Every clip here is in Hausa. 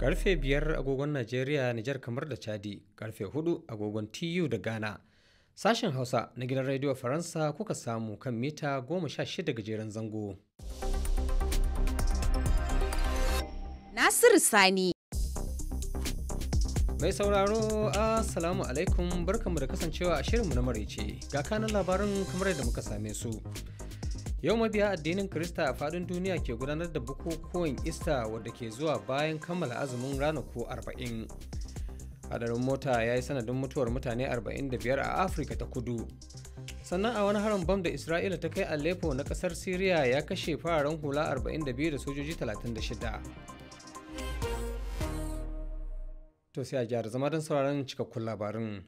Karfe biyar agogon Najeriya, Nijar kamar da Chadi, karfe hudu agogon TU da Ghana. Sashen Hausa na gidan Radio Faransa kuka samu kan mita goma sha shida gajeren zango. Nasiru Sani Mai sauraro Assalamu alaikum barkanmu da kasancewa a shirinmu na maraice ga kanan labarin kamar yadda muka same su. Yau mabiya addinin Kirista a faɗin duniya ke gudanar da bukukuwan Ista wadda ke zuwa bayan kammala azumin ranaku 40. Hadarin mota ya yi sanadin mutuwar mutane 45 a Afirka ta kudu. Sannan a wani harin bam da Isra'ila ta kai Aleppo na ƙasar Siriya ya kashe fararen hula 42 da sojoji 36. To sai a gyara zama don sauraron cikakkun labarin.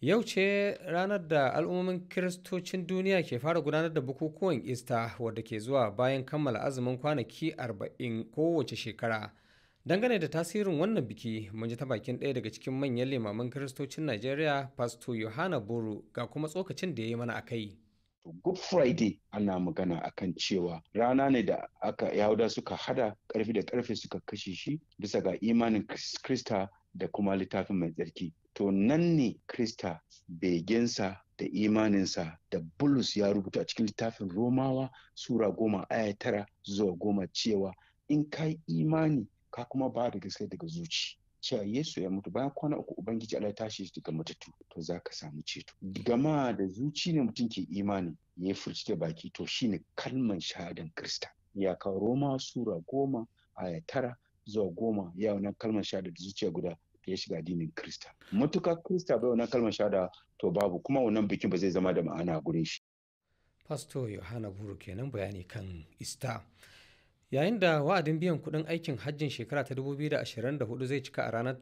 Yau ce ranar da al'ummomin Kiristocin duniya ke fara gudanar da bukukuwan Ista wadda ke zuwa bayan kammala azumin kwanaki 40 kowace shekara. Dangane da tasirin wannan biki, mun ji ta bakin ɗaya daga cikin manyan limamin Kiristocin Najeriya, Pastor Yohana Buru, ga kuma tsokacin da ya yi mana a kai. Good Friday ana magana akan cewa rana ne da aka Yahuda suka hada ƙarfi da karfe suka kashe shi bisa ga imanin Krista da kuma littafin mai tsarki. to nan ne krista begensa da imaninsa da bulus ya rubuta a cikin littafin romawa sura goma aya tara zuwa goma cewa in ka yi imani ka kuma ba da gaske daga zuci cewa Yesu ya mutu bayan kwana uku Ubangiji Allah tashi daga matattu to za ka samu ceto. Gama da zuci ne mutum ke imani ya furci da baki to shine kalman shahadan Kirista. Ya kawo Roma Sura goma aya tara zuwa goma ya wannan kalmar shahada zuciya guda ya shiga addinin krista matuka krista bai wannan kalmar shahada to babu kuma wannan bikin ba zai zama da ma'ana a gurin shi Fasto Yohana Buru kenan bayani kan Ista. Yayin da wa'adin biyan kuɗin aikin hajjin shekara ta 2024 zai cika a ranar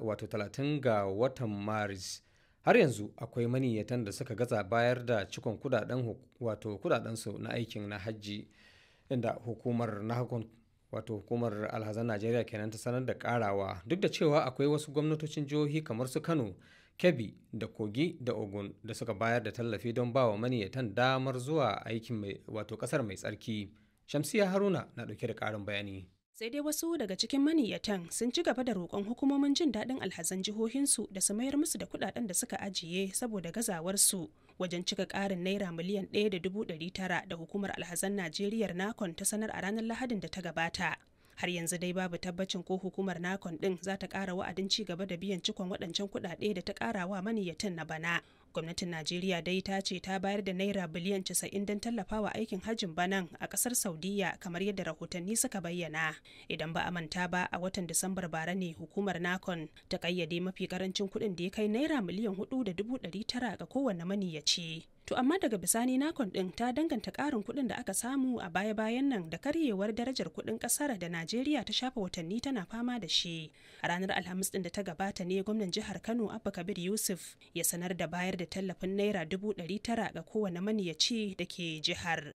wato 30 ga watan Maris. Har yanzu akwai maniyyatan da suka gaza bayar da cikon kudaden wato kudadensu na aikin na hajji inda hukumar na wato hukumar alhazan najeriya kenan ta sanar da karawa duk da cewa akwai wasu gwamnatocin jihohi kamar su kano kebbi da kogi da ogun da suka bayar da tallafi don ba wa maniyatan damar zuwa aikin wato kasar mai tsarki shamsiya haruna na dauke da karin bayani sai dai wasu daga cikin maniyyatan sun ci gaba da roƙon hukumomin jin daɗin alhazan jihohinsu da su mayar musu da kuɗaɗen da suka ajiye saboda gazawarsu wajen cika ƙarin naira miliyan ɗaya da dubu ɗari tara da hukumar alhazan najeriya nakon ta sanar a ranar lahadin da ta gabata har yanzu dai babu tabbacin ko hukumar nakon ɗin za ta ƙara wa'adin ci gaba da biyan cikon waɗancan kuɗaɗe da ta ƙara wa maniyyatan na bana gwamnatin najeriya dai ta ce ta bayar da naira biliyan 90 don tallafawa aikin hajjin banan a kasar saudiya kamar yadda rahotanni suka bayyana idan ba a manta ba a watan disambar bara ne hukumar nakon ta kayyade mafi karancin kuɗin da ya kai naira miliyan da 4.9 ga kowane maniyaci To amma daga bisani nakon ɗin ta danganta ƙarin kuɗin da aka samu a baya-bayan nan da karyewar darajar kuɗin ƙasar da Najeriya ta shafa watanni tana fama da shi. A ranar Alhamis ɗin da ta gabata ne gwamnan jihar Kano Abba Kabir Yusuf ya sanar da bayar da tallafin naira dubu ɗari tara ga kowane maniyaci da ke jihar.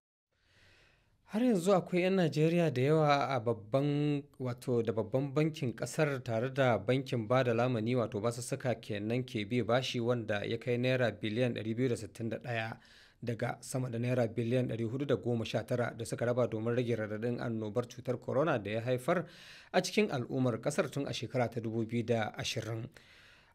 Har yanzu akwai 'yan Najeriya da yawa a babban wato da babban bankin kasar tare da bankin ba da lamani wato basussuka kenan ke bi bashi wanda ya kai naira biliyan 261 daga sama da naira biliyan 419 da suka raba domin rage radadin annobar cutar corona da ya haifar a cikin al'ummar kasar tun a shekara ta 2020.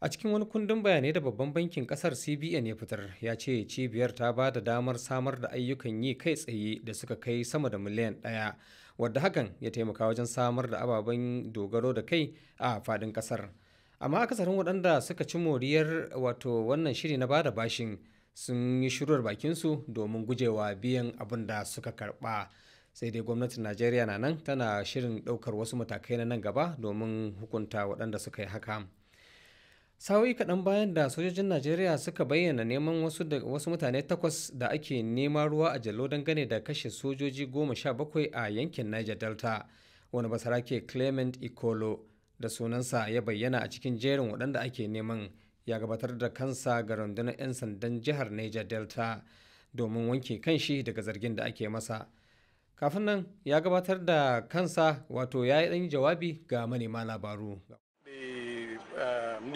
A cikin wani kundin bayanai da babban bankin kasar CBN ya fitar ya ce cibiyar ta ba da damar samar da ayyukan yi kai tsaye da suka kai sama da miliyan ɗaya wadda hakan ya taimaka wajen samar da ababen dogaro da kai a fadin kasar. Amma akasarin waɗanda suka ci moriyar wato wannan shiri na bada bashin sun yi shiruwar bakinsu domin gujewa biyan abin da suka karɓa. sai dai gwamnatin najeriya na nan tana shirin ɗaukar wasu matakai na nan gaba domin hukunta waɗanda suka yi haka. sa'o'i kaɗan bayan da sojojin najeriya suka bayyana neman wasu, wasu mutane takwas da ake neman ruwa a jallo dangane da kashe sojoji goma sha bakwai a yankin niger delta wani basarake clement ikolo da sunansa ya bayyana a cikin jerin waɗanda ake neman ya gabatar da kansa ga rundunar 'yan sandan jihar niger delta domin wanke kanshi daga zargin da ake masa kafin nan ya gabatar da kansa wato ya yi jawabi ga manema labaru Um,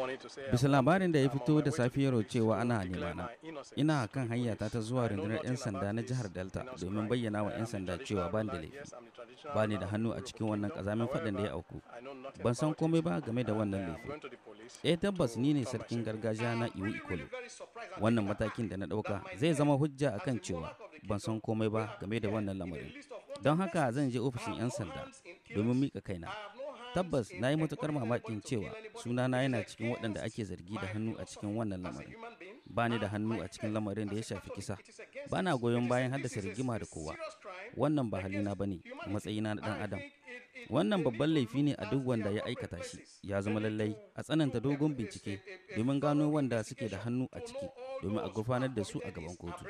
um, bisa labarin da ya fito da safiyar cewa ana limana ina kan hanyata ta zuwa rundunar 'yan sanda na jihar delta domin bayyana wa 'yan sanda cewa ban da laifi ba ni da hannu a cikin wannan kazamin faɗin da ya auku ban san komai ba game da wannan uh, laifi eh tabbas ni ne sarkin gargajiya na iwu ikolo wannan matakin da na ɗauka zai zama hujja akan cewa ban san komai ba game da wannan lamarin don haka zan je ofishin 'yan sanda domin mika kaina tabbas na yi matukar mamakin cewa sunana yana cikin waɗanda ake zargi da hannu a cikin wannan lamarin ba ni da hannu a cikin lamarin da ya shafi kisa ba na goyon bayan haddasa rigima da kowa wannan ba halina ba ne a matsayina na dan adam wannan babban laifi ne a duk wanda ya aikata shi ya zama lallai a tsananta dogon bincike domin gano wanda suke da hannu a ciki domin a gurfanar da su a gaban kotu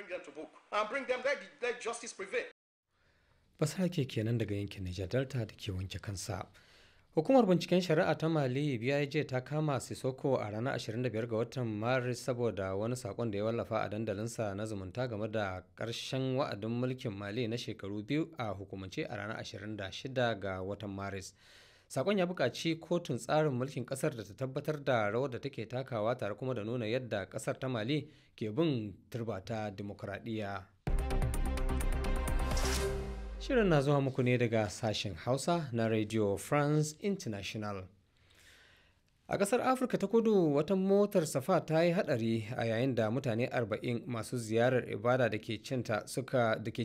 fasaha ke kenan daga yankin nijar delta da ke wanke kansa Hukumar binciken shari'a ta Mali BIJ ta kama Sisoko a ranar 25 ga watan Maris saboda wani sakon da ya wallafa a dandalinsa na zumunta game da ƙarshen wa'adin mulkin Mali na shekaru biyu a hukumance a ranar 26 ga watan Maris. Sakon ya buƙaci kotun tsarin mulkin ƙasar da ta tabbatar da rawar da take takawa tare kuma da nuna yadda ƙasar ta Mali ke bin turbata dimokuraɗiyya. Shirin na zuwa muku ne daga sashen Hausa na Radio France International. A ƙasar Afirka ta kudu wata motar safa ta yi haɗari a yayin da mutane 40 masu ziyarar ibada da ke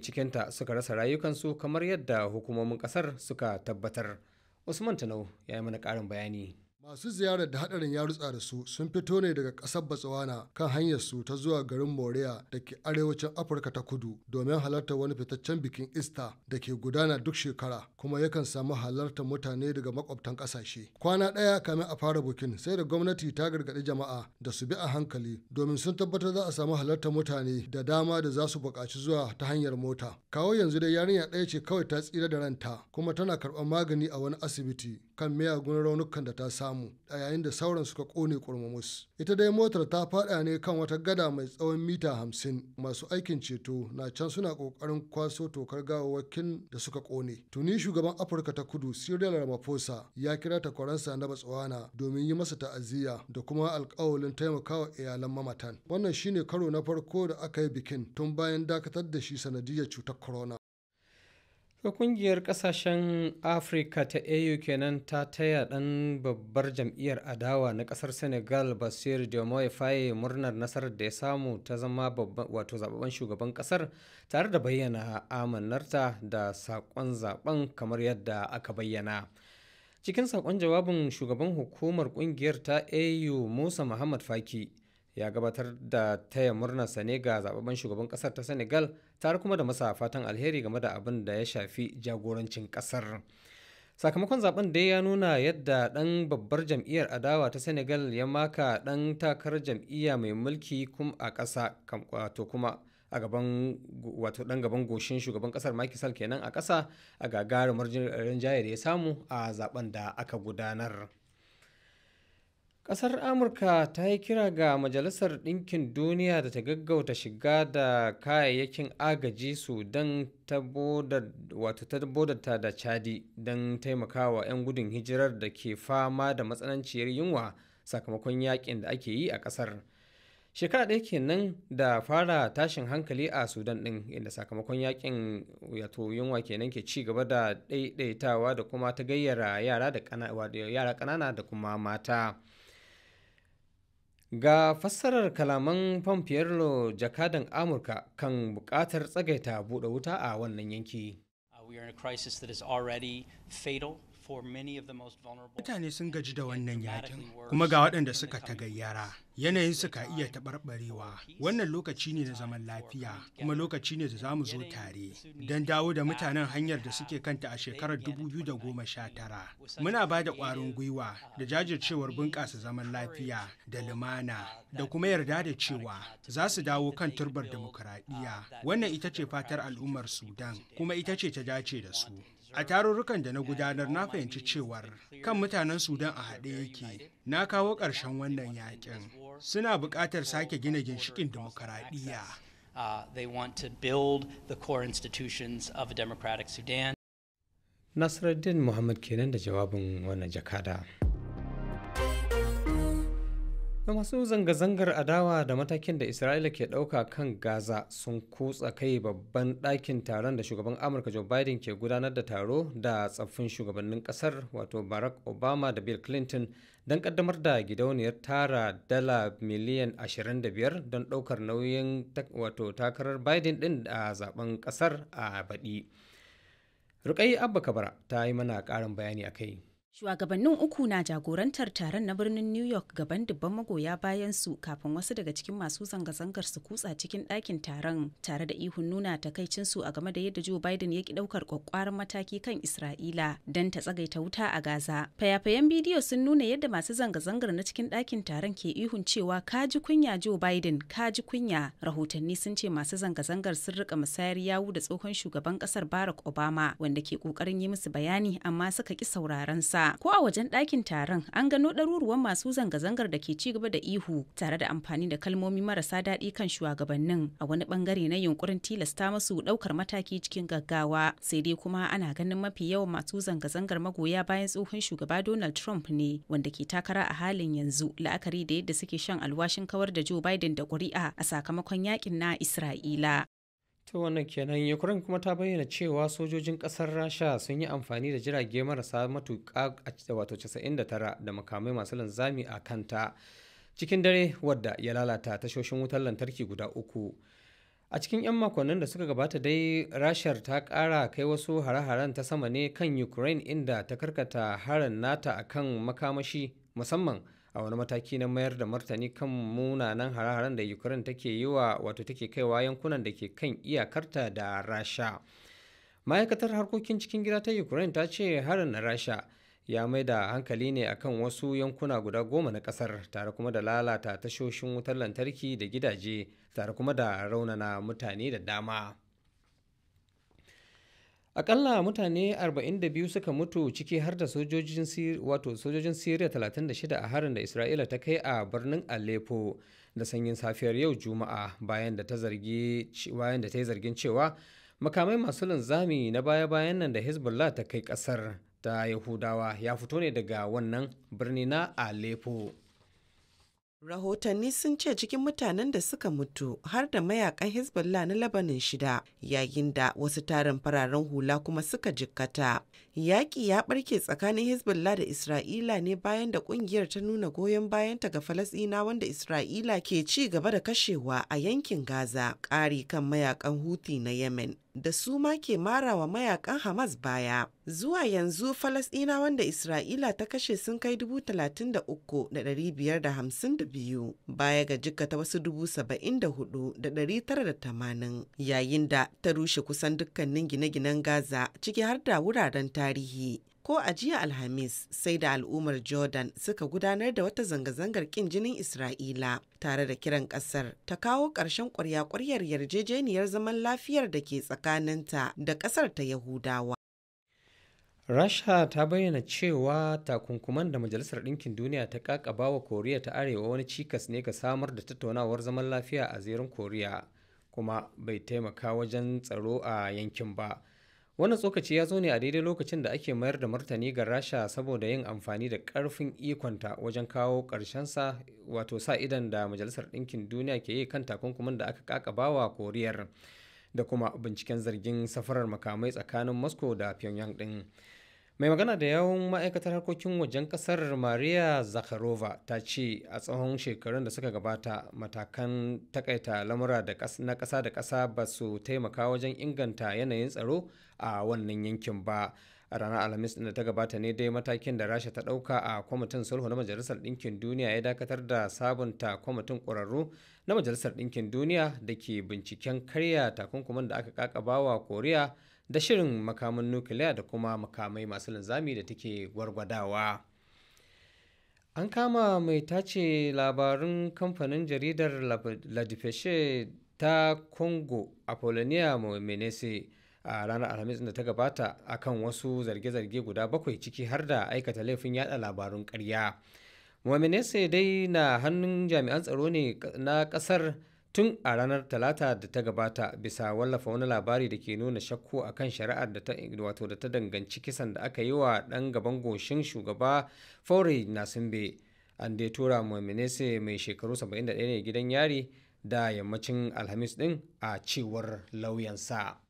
cikinta suka rasa rayukansu kamar yadda hukumomin ƙasar suka tabbatar. Usman Tanau ya yi mana ƙarin bayani. Masu ziyarar da hadarin ya rutsa da su sun fito ne daga ƙasar Botswana kan hanyar su ta zuwa garin Moriya da ke arewacin Afirka ta kudu domin halartar wani fitaccen bikin Ista da ke gudana duk shekara kuma yakan samu halartar mutane daga makwabtan ƙasashe. Kwana ɗaya kamin a fara bukin, sai da gwamnati ta gargaɗi jama'a da su bi a hankali domin sun tabbatar za a samu halartar mutane da dama da za su buƙaci zuwa ta hanyar mota. Kawo yanzu dai yarinya ɗaya ce kawai ta tsira da ranta kuma tana karɓar magani a wani asibiti kan miyagun raunukan da ta samu. samu a yayin da sauran suka kone kurmamus ita dai motar ta fada ne kan wata gada mai tsawon mita hamsin masu aikin ceto na can suna kokarin kwaso tokar gawawwakin da suka kone tuni shugaban afirka ta kudu cyril ramaphosa ya kira takwaransa na botswana domin yi masa ta'aziyya da kuma alkawalin taimakawa iyalan mamatan wannan shine karo na farko da aka yi bikin tun bayan dakatar da shi sanadiyar cutar corona ga kungiyar kasashen afirka ta au kenan ta taya ɗan babbar jam'iyyar adawa na ƙasar senegal basir diomaye faye murnar nasarar da ya samu ta zama wato zababben shugaban ƙasar, tare da bayyana amannarta da saƙon zaben kamar yadda aka bayyana cikin saƙon jawabin shugaban hukumar ƙungiyar ta au musa muhammad faki ya gabatar da taya murnarsa ne ga zababben shugaban kasar ta senegal tare kuma da masa fatan alheri game da abin da ya shafi jagorancin kasar sakamakon zaben da ya nuna yadda ɗan babbar jam'iyyar adawa ta senegal ya maka ɗan takarar jam'iyya mai mulki kum a ƙasa wato kuma a gaban wato ɗan gaban goshin shugaban ƙasar makisal kenan a ƙasa a gagarumar rinjaye da ya samu a zaben da aka gudanar Ƙasar Amurka ta yi kira ga Majalisar Ɗinkin Duniya da ta gaggauta shiga da kayayyakin agaji su don ta da Chadi don taimakawa 'yan gudun hijirar da ke fama da matsananciyar yunwa sakamakon yakin da ake yi a ƙasar. Shekara ɗaya kenan da fara tashin hankali a Sudan ɗin inda sakamakon yakin wato yunwa kenan ke ci gaba da ɗaiɗaitawa da kuma ta gayyara yara ƙanana da kuma mata. Ga fassarar kalaman Pompeo jakadan Amurka kan buƙatar tsagaita buɗe wuta a wannan yanki. Uh, a crisis that is already fatal Mutane sun gaji da wannan yakin, kuma ga waɗanda suka ta gayyara, Yanayin suka iya taɓarɓarewa. Wannan lokaci ne na zaman lafiya, kuma lokaci ne da za mu zo tare, don dawo da mutanen hanyar da suke kanta a shekarar 2019. Muna ba da ƙwarin gwiwa uh, da jajircewar uh, bunƙasa zaman lafiya da lumana uh, da kuma yarda da cewa za su dawo kan turbar demokuraɗiyya. Wannan ita ce fatar al'ummar Sudan, kuma ita ce ta dace da su. a tarurrukan da na gudanar na fahimci cewar kan mutanen sudan a haɗe yake na kawo ƙarshen wannan yakin suna buƙatar sake gina ginshikin demokaradiyya Nasiruddin Muhammad kenan da jawabin wannan jakada. da masu zanga-zangar adawa da matakin da isra'ila ke dauka kan gaza sun kutsa kai babban ɗakin taron da shugaban amurka joe biden ke gudanar da taro da tsaffin shugabannin kasar wato barack obama da bill clinton don kaddamar da gidauniyar tara dala miliyan 25 don daukar nauyin wato takarar biden din a zaben kasar a baɗi rukai abba kabara ta yi mana ƙarin bayani a kai Shugabannin uku na jagorantar taron na birnin New York gaban dubban magoya bayan su kafin wasu daga cikin masu zanga-zangar su kutsa cikin ɗakin taron tare da ihun nuna takaicin su a game da yadda Joe Biden ya ki ɗaukar kwakwaran mataki kan Isra'ila don ta tsagaita wuta a Gaza. Fayafayen bidiyo sun nuna yadda masu zanga-zangar na cikin ɗakin taron ke ihun cewa ka ji kunya Joe Biden ka ji kunya. Rahotanni sun ce masu zanga-zangar sun rika musayar yawu da tsohon shugaban ƙasar Barack Obama wanda ke ƙoƙarin yi musu bayani amma suka ki sauraron sa. ko a wajen ɗakin taron an gano ɗaruruwan masu zanga-zangar da ke ci gaba da ihu tare da amfani da kalmomi marasa daɗi kan shugabannin a wani ɓangare na yunkurin tilasta masu ɗaukar mataki cikin gaggawa sai dai kuma ana ganin mafi yawan masu zanga-zangar magoya bayan tsohon shugaba Donald Trump ne wanda ke takara a halin yanzu la'akari da yadda suke shan alwashin kawar da Joe Biden da ƙuri'a a sakamakon yakin na Isra'ila. to wannan kenan ukraine kuma ta bayyana cewa sojojin kasar rasha sun yi amfani da jirage marasa matuƙa wato 99 da makamai masu linzami a kanta cikin dare wadda ya lalata tashoshin wutar lantarki guda uku a cikin 'yan makonnin da suka gabata dai rashar ta kara kai wasu hare-haren ta sama ne kan ukraine inda ta karkata harin nata akan makamashi musamman a wani mataki na mayar da martani kan munanan hare-haren da ukraine take yi wa wato take kaiwa yankunan da ke kan iyakarta da rasha ma'aikatar harkokin cikin gida ta ukraine ta ce harin na rasha ya mai da hankali ne akan wasu yankuna guda goma na kasar tare kuma da lalata tashoshin wutar lantarki da gidaje tare kuma da raunana mutane da dama Akalla mutane 42 suka mutu ciki har da sojojin wato sojojin Siriya 36 a harin da Isra'ila ta kai a birnin Aleppo da sanyin safiyar yau Juma'a bayan da ta zargi bayan da ta yi zargin cewa makamai masu linzami na baya-bayan nan da Hezbollah ta kai kasar ta Yahudawa ya fito ne daga wannan birni na Aleppo. Rahotanni sun ce cikin mutanen da suka mutu har da mayakan Hezbollah na Labanin shida yayin da wasu tarin fararen hula kuma suka jikkata. Yaƙi ya ɓarke tsakanin Hezbollah da Isra'ila ne bayan da ƙungiyar ta nuna goyon bayanta ga Falasɗina wanda Isra'ila ke ci gaba da kashewa a yankin Gaza ƙari kan mayakan Houthi na Yemen da su ma ke mara wa mayakan Hamas baya. Zuwa yanzu Falasɗina wanda Isra'ila ta kashe sun kai 33,552 baya ga ta wasu 74,980 yayin da ta rushe kusan dukkanin gine-ginen Gaza ciki har da wuraren tarihi. ko a jiya alhamis sai da al'ummar jordan suka gudanar da wata zanga-zangar kin jinin isra'ila tare da kiran kasar ta kawo ƙarshen ƙwarya-ƙwaryar yarjejeniyar zaman lafiyar da ke tsakaninta da ƙasar ta yahudawa rasha ta bayyana cewa takunkuman da majalisar ɗinkin duniya ta kakaba wa koriya ta arewa wani cikas ne ga samar da tattaunawar zaman lafiya a zirin koriya kuma bai taimaka wajen tsaro a yankin ba. wannan tsokaci ya zo ne a daidai lokacin da ake mayar da martani ga rasha saboda yin amfani da karfin ikonta wajen kawo sa wato sa idan da majalisar ɗinkin duniya ke yi kan takunkumin da aka kakabawa koriyar da kuma binciken zargin safarar makamai tsakanin moscow da pyongyang ɗin mai magana da yawon ma'aikatar harkokin wajen kasar maria zakharova ta ce a tsawon shekarun da suka gabata matakan takaita lamura na ƙasa da ƙasa ba su taimaka wajen inganta yanayin tsaro a wannan yankin ba a ranar alhamis da ta gabata ne dai matakin da rasha ta ɗauka a kwamitin sulhu na majalisar ɗinkin duniya ya dakatar da sabunta kwamitin ƙwararru na majalisar ɗinkin duniya da ke binciken karya takunkumin da aka kakabawa koriya da shirin makaman nukiliya da kuma makamai masu linzami da take gwargwadawa an kama mai tace labarin kamfanin jaridar ladifeshe ta congo apollonia menese a ranar alhamis da ta gabata a kan wasu zarge-zarge guda bakwai ciki har da aikata laifin yada labarun karya Mominese dai na hannun jami'an tsaro ne na kasar tun a ranar talata da ta gabata bisa wallafa wani labari da ke nuna shakku a kan shari'ar da ta wato da ta danganci kisan da aka yi wa dan gaban goshin shugaba faure nasimbe an dai tura mominese mai shekaru 71 ne gidan yari da yammacin alhamis din a cewar lauyansa.